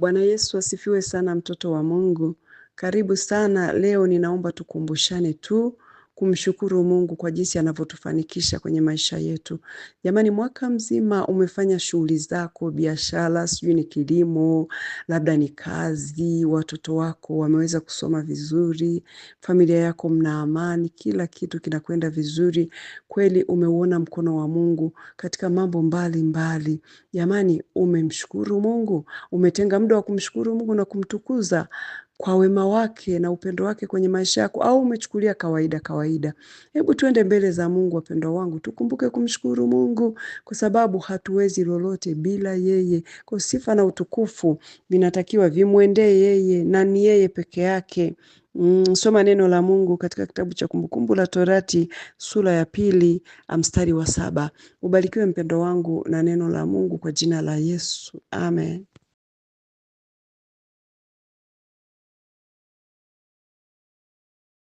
Bwana Yesu asifiwe sana, mtoto wa Mungu, karibu sana. Leo ninaomba tukumbushane tu kumshukuru Mungu kwa jinsi anavyotufanikisha kwenye maisha yetu. Jamani, mwaka mzima umefanya shughuli zako, biashara, sijui ni kilimo, labda ni kazi, watoto wako wameweza kusoma vizuri, familia yako mna amani, kila kitu kinakwenda vizuri. Kweli umeuona mkono wa Mungu katika mambo mbalimbali. Jamani, umemshukuru Mungu, umetenga muda wa kumshukuru Mungu na kumtukuza kwa wema wake na upendo wake kwenye maisha yako au umechukulia kawaida kawaida. Hebu tuende mbele za Mungu wapendwa wangu, tukumbuke kumshukuru Mungu kwa sababu hatuwezi lolote bila yeye. Kwa sifa na utukufu vinatakiwa vimwendee yeye na ni yeye peke yake. Mm, soma neno la Mungu katika kitabu cha Kumbukumbu la Torati sura ya pili mstari wa saba. Ubarikiwe mpendo wangu na neno la Mungu kwa jina la Yesu. Amen.